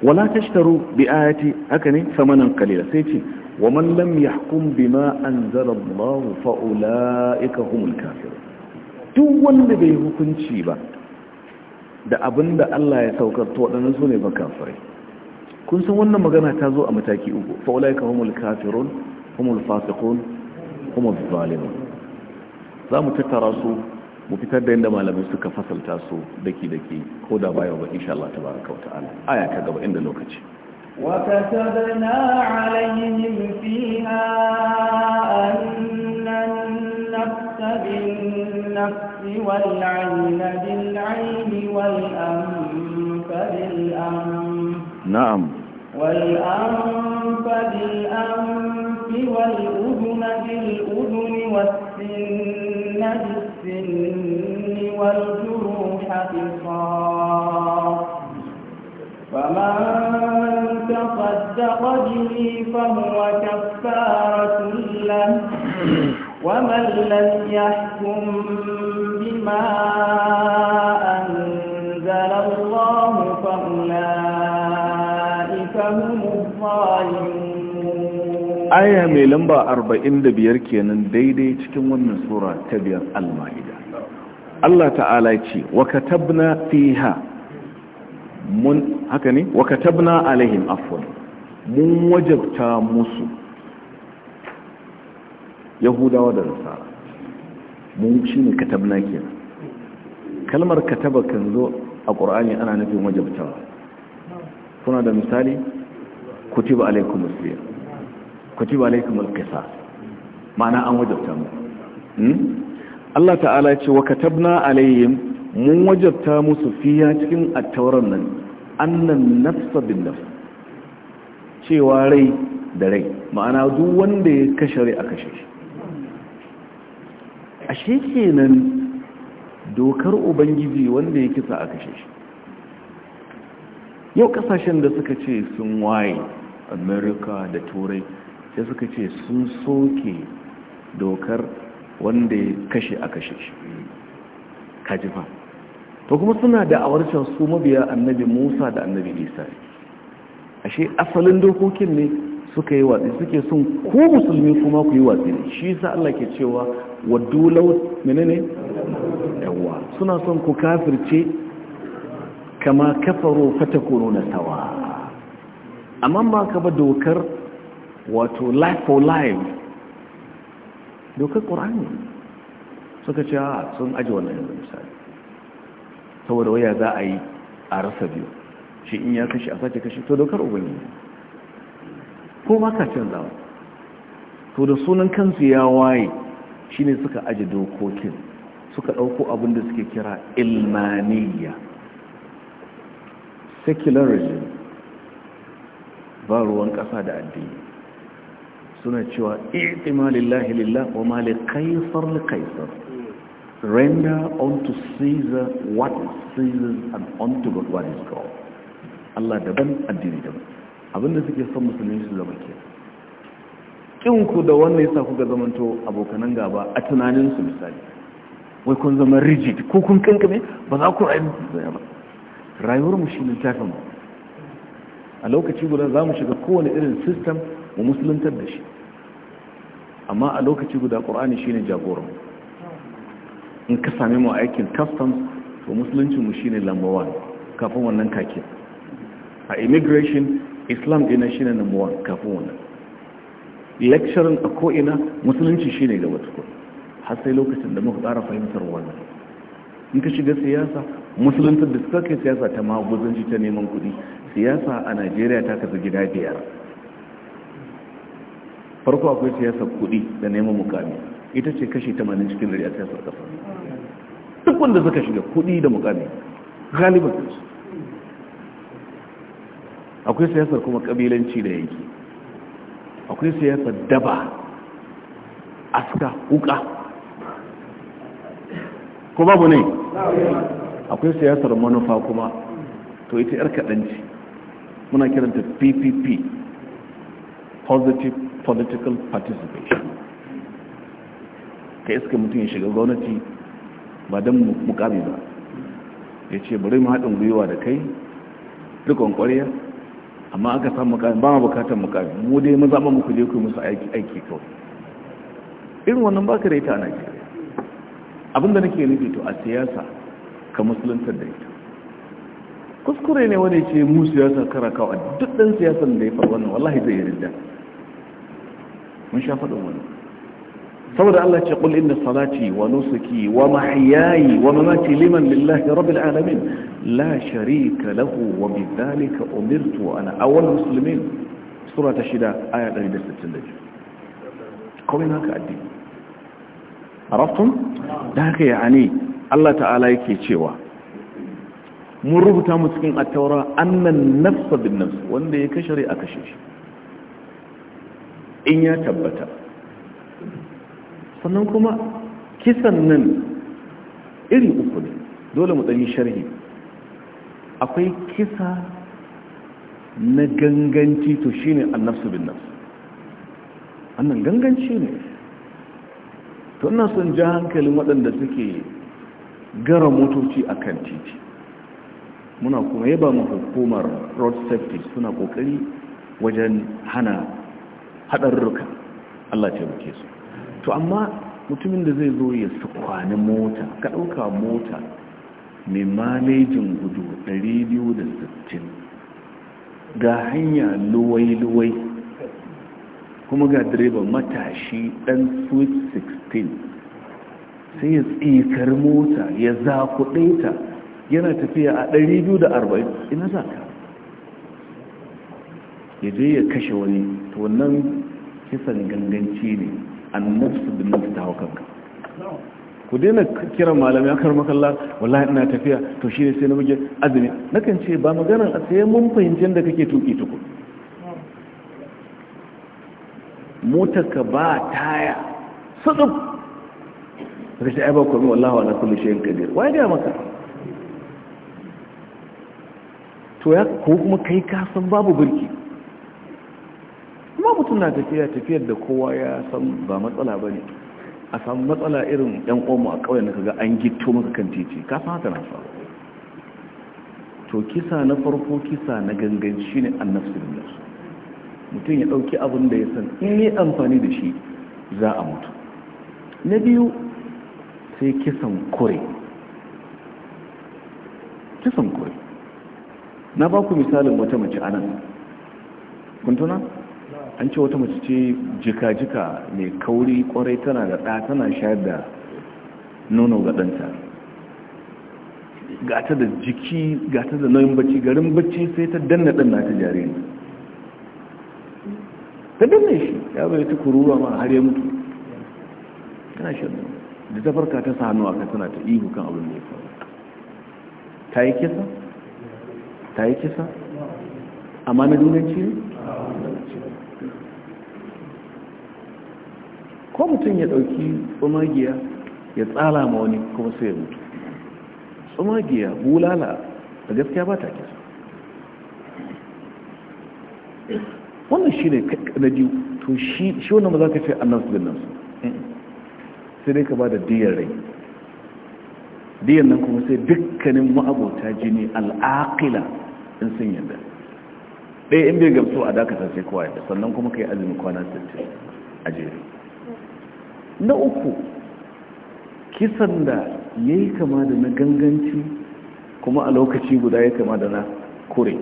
wala tashtaru bi ayati haka ne samanan kalila sai ce wa man lam yahkum bima anzala Allah fa ulaika humul kafirun duk wanda bai hukunci ba da abin da Allah ya saukar to waɗannan su ne ba kafirai kun san wannan magana ta zo a mataki uku fa'ulai ka humul kafirun humul fasikun humul zalimun za mu tattara su mu fitar da yadda malamai suka fasalta su daki-daki ko da baya ba insha Allah ta baraka wa ta'ala aya ta gaba inda lokaci وكتبنا عليهم فيها أن النفس بالنفس والعين بالعين والأنف بالأنف نعم والأنف بالأنف والأذن بالأذن والسن بالسن والأذن تصدق به فهو كفارة له ومن لم يحكم بما أنزل الله فأولئك هم الظالمون آية ميلمبا أربعين دبير كينن ديدي تكون من سورة تبير المائدة الله تعالى يتي وكتبنا فيها mun haka ne wa katabna alaihim afwan mun wajabta musu yahudawa da nasara mun shi ne katabna ke kalmar kataba kan zo a ƙur'ani ana nufin wajabtawa kuna da misali kutiba alaikum musliya kutiba alaikum alqisas ma'ana an wajabta mu hmm? Allah ta'ala ya ce wa katabna alaihim mun wajabta musu fiya cikin at-tauran nan annan nafsa bin nafs cewa rai da rai ma'ana duk wanda ya kashe rai a kashe shi ashe kenan dokar ubangiji wanda ya kisa a kashe shi yau kasashen da suka ce sun waye Amerika da turai sai suka ce sun soke dokar wanda ya kashe a kashe shi kajifa to kuma suna da awarcin su mabiya annabi musa da annabi isa ashe asalin dokokin ne suka yi watsi suke sun ko musulmi kuma ku yi watsi shi sa Allah ke cewa waddu law menene yawa suna son ku kafirce kama kafaru fatakununa sawa amma ba ka ba dokar wato life for life dokar qur'ani suka ce a sun aji wannan misali saboda waya za a yi a rasa biyu shi in ya kashe a sake kashe to dokar ubangiji ko ba ka ba to da sunan kansu ya waye shine suka aje dokokin suka ɗauko abin da suke kira ilmaniya secularism ba ruwan ƙasa da addini suna cewa i'tima lillahi lillah wa ma li kaisar li kaisar render unto caesar what is Caesar and unto god what is god Allah daban addini daban abinda suke son musulmi su zama ke kin ku da wannan yasa kuka zamanto abokan gaba a tunanin su misali wai kun zama rigid ko kun kankame ba za ku rayu ba rayuwar mu shi ne tafin mu a lokaci guda za mu shiga kowane irin system mu musuluntar da shi amma a lokaci guda qur'ani shine jagoran in ka same mu aikin customs to mu shine lamba 1 kafin wannan kake a immigration islam dina shi ne namuwa kafin wannan lecturing a ko'ina musulunci shi ne gaba tukun har sai lokacin da muka ƙara fahimtar wannan in ka shiga siyasa musulunci da suka kai siyasa ta maguzanci ta neman kuɗi siyasa a nigeria ta kasu gida biyar farko akwai siyasar kuɗi da neman mukami ita ce kashi 80 cikin dari a siyasar ƙasa duk wanda suka shiga kuɗi da mukami galibin su akwai siyasar kuma kabilanci da yanki akwai siyasar daba aska huka ko babu ne akwai siyasar manufa kuma to ita yar kaɗanci muna kiranta ppp positive political participation ka iska mutum ya shiga gwamnati ba don mukami ba ya ce bari mu haɗin gwiwa da kai rikon ƙwariyar. amma aka samu mukami ba mu bukatar mukami mu dai mun ba muku je ku musu aiki aiki kawai irin wannan baka da ita a Najeriya abinda nake nufi to a siyasa ka musuluntar da ita kuskure ne wani ce mu siyasa kara kawo duk dan siyasan da ya faru wannan wallahi zai yi ridda mun sha faɗin wannan saboda Allah ce qul inna salati wa nusuki wa mahyayi wa mamati liman lillahi rabbil alamin la sharika lahu wa bidhalika umirtu wa ana awwal muslimin sura ta shida aya 162 komai naka addini arabtum da haka yani Allah ta'ala yake cewa mun rubuta mu cikin at-taura annan nafsa bin nafs wanda ya kashe rai a kashe shi in ya tabbata sannan kuma kisan nan iri uku ne dole mu ɗari sharhi akwai kisa na ganganci to shi ne annafsu bin nafsu annan ganganci ne to ina son ja hankalin waɗanda suke gara motoci a kan titi muna kuma yaba mu hukumar road safety suna ƙoƙari wajen hana haɗarruka Allah ce muke su to amma mutumin da zai zo ya sukwane mota ka ɗauka mota mai malejin gudu 260 ga hanya luwai-luwai kuma ga direba matashi ɗan switch 16 sai ya tsikar mota ya zakuɗe ta yana tafiya a 240 ina za ka ya je ya kashe wani to wannan kisan ganganci ne annafsu bin nafsu ta hau kanka ku daina kiran malami a kar makalla wallahi ina tafiya to shi ne sai na buge azumi nakan ce ba maganar a sai mun fahimci da kake tuki tuku motarka ba taya sadu ka ce ai ba komai wallahi wa na kullu shay'in kadir wai da maka to ya ko kuma kai ka san babu birki amma mutum na tafiya tafiyar da kowa ya san ba matsala ba ne a samu matsala irin yan omu a ƙauyen da kaga an gito maka kan titi ka san haka na faru to kisa na farko kisa na gangan shi ne shine da billah mutum ya dauki abin da ya san in yi amfani da shi za a mutu na biyu sai kisan kure kisan kure na ba ku misalin wata mace anan kuntuna? tuna an ce wata mace ce jika-jika mai kauri kwarai tana da ɗa tana shayar da nono ga ɗanta gata da jiki gata da nauyin bacci garin bacci sai ta danna ɗan nata jariri ta danna shi ya bai ta kururuwa ma har ya mutu tana shayar da ta farka ta sa hannu aka tana ta ihu kan abin da ya faru ta yi kisa ta yi kisa amma na ce ne ko mutum ya ɗauki tsumagiya ya tsala ma wani kuma sai ya mutu tsumagiya bulala da gaskiya ba ta kisa wannan shi ne na biyu to shi wannan maza za ka fi annansu su nan sai dai ka ba da diyar rai diyar nan kuma sai dukkanin ma'abota jini al'aƙila in sun yadda ɗaya in bai gamsu a dakatar sai kowa sannan kuma ka yi azumi kwana 60 a jere na uku kisan da ya yi kama da na ganganci kuma a lokaci guda ya kama da na kure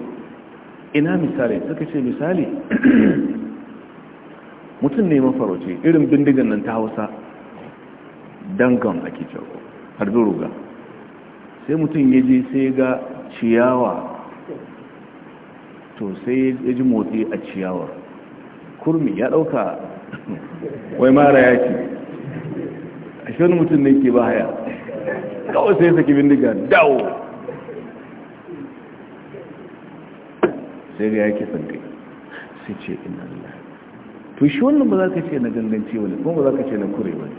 ina misali suka ce misali mutum ne mafarauci irin bindigan nan ta hausa dangon ke cewa harbin ruga sai mutum ya je sai ga ciyawa to sai ya ji motsi a ciyawar kurmi ya ɗauka wai mara yaki shi mutum ne ke ba haya kawai sai saki bindiga dawo sai ya ke sanke sai ce ina Allah to shi wannan ba za ka ce na gangance wani kuma ba za ka ce na kure wani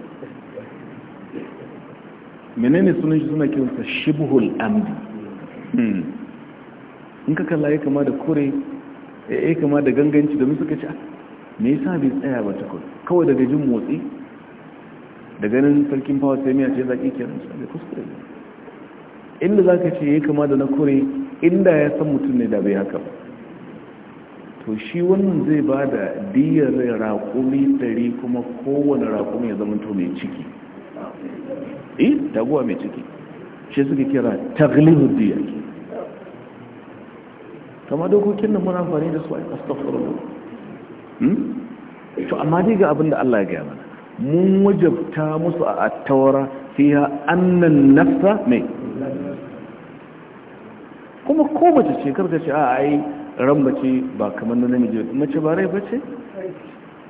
menene sunan shi suna kiransa shibhul amdi hmm. in ka kalla ya kama da kure ya kama da ganganci da domin suka ce ah, me yasa bai tsaya ba ta kawai daga jin motsi da ganin sarkin fawa sai miya ce zaki kenan shi da kuskure inda za ka ce ya kama da na kure inda ya san mutum ne da bai haka ba to shi wannan zai ba da diyar raƙumi ɗari kuma kowane raƙumi ya zama to mai ciki eh taguwa mai ciki shi suke kira taglihu diya kama dokokin nan muna amfani da su a astaghfirullah hmm? to amma dai ga abin da Allah ya gaya mana mun wajabta musu a attaura fiya annan nafsa mai kuma ko mace ce karka ce a ai ran mace ba kamar na namiji mace ba rai bace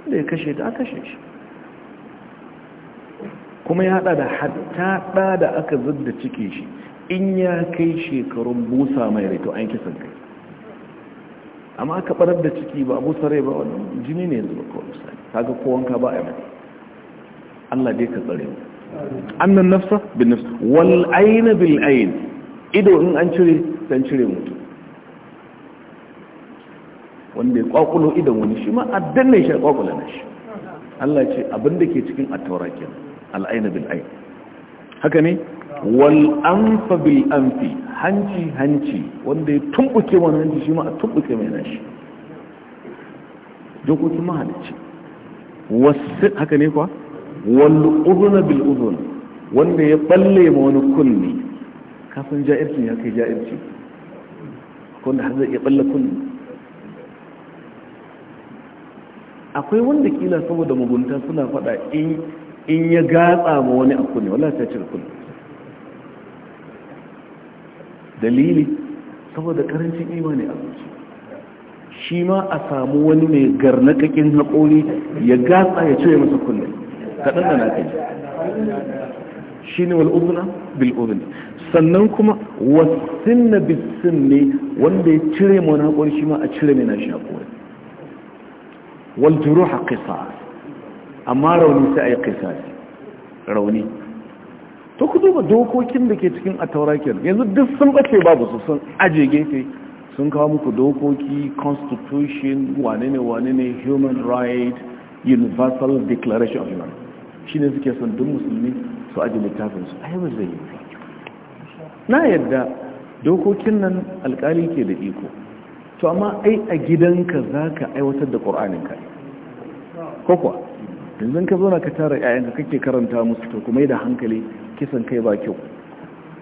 da ya kashe ta kashe shi kuma ya hada da hatta da da aka zudda cike shi in ya kai shekarun busa mai rai to an kisan kai amma aka barar da ciki ba busa rai ba wannan jini ne zuba kawai misali kaga kowanka ba a yi Allah dai ka tsare mu annan nafsa bin nafs wal ayn bil ayn ido in an cire san cire mutum wanda ya kwakulo idan wani shi ma addan ne shi kwakula na shi Allah ce abin da ke cikin attaura kenan al ayn bil ayn haka ne wal anf bil anf hanci hanci wanda ya tumbuke wani hanci shi ma a tumbuke mai nashi dokokin mahalicci wasu haka ne kuwa wani udhuna bil udhun wanda ya balle ma wani kulli kafin ja'irci ya kai ja'irci wanda har zai iya balle kulli akwai wanda kila saboda mugunta suna fada in in ya gatsa ma wani a kulli wallahi ta cire kulli dalili saboda karancin imani a zuci shi ma a samu wani mai garnakakin haƙori ya gatsa ya cire masa kullum kaɗan da na kai shi ne wal'uduna bil'uduna sannan kuma wasin na bisin ne wanda ya cire mana haƙori shi ma a cire mai na shi haƙori waljuru haƙisa amma rauni sai a yi ƙisa rauni to ku duba dokokin da ke cikin a taurakiyar yanzu duk sun ɓace babu su sun aje gefe sun kawo muku dokoki constitution wane ne wane ne human right universal declaration of human shi ne suke son duk musulmi su aji littafin su ai zai yi na yadda dokokin nan alkali ke da iko to amma ai a gidanka za ka aiwatar da ƙor'anin ka ko yanzu ka na ka tara yayanka kake karanta musu to kuma da hankali kisan kai ba kyau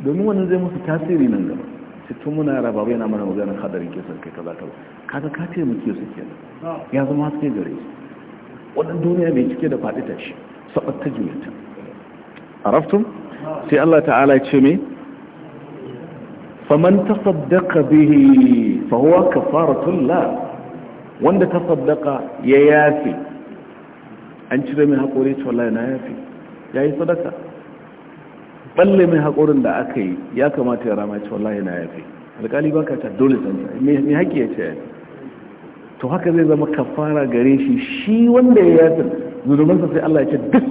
domin wannan zai musu tasiri nan gaba cikin muna raba bai na mana maganin hadarin kisan kai kaza kaza kaga ka ce su kenan ya zama haske gare su wannan duniya mai cike da faɗi tashi sabat ta juyata araftum sai Allah ta'ala ce me faman tasaddaqa bihi fa huwa kafaratun la wanda saddaka ya yafi an cire mai hakuri to wallahi na yafi yayi sadaka balle mai hakurin da aka yi ya kamata ya rama ce wallahi na yafi alƙali baka ta dole san me haƙi ya ce to haka zai zama kafara gare shi shi wanda ya yafi zunubansa sai Allah ya ce duk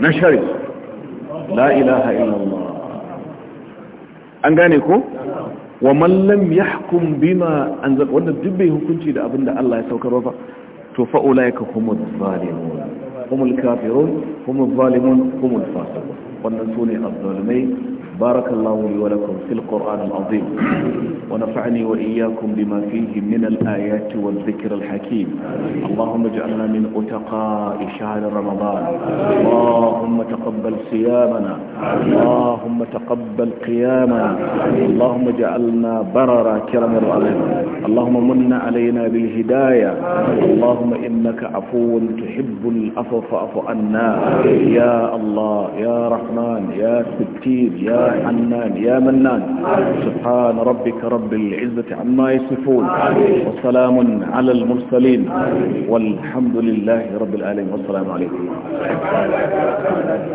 na shari la ilaha illallah an gane ko wa man lam yahkum bima anzal wanda duk bai hukunci da abinda Allah ya saukar ba to fa ulaika humuz zalimun humul kafirun humuz zalimun humul fasiqun wannan sune azzalimai بارك الله لي ولكم في القرآن العظيم ونفعني وإياكم بما فيه من الآيات والذكر الحكيم اللهم اجعلنا من أتقاء شهر رمضان اللهم تقبل صيامنا اللهم تقبل قيامنا اللهم اجعلنا بررا كرم العظيم اللهم من علينا بالهداية اللهم إنك عفو تحب الأفو فأفو عنا يا الله يا رحمن يا ستير يا حنان يا منان سبحان ربك رب العزة عما يصفون وسلام على المرسلين والحمد لله رب العالمين والسلام عليكم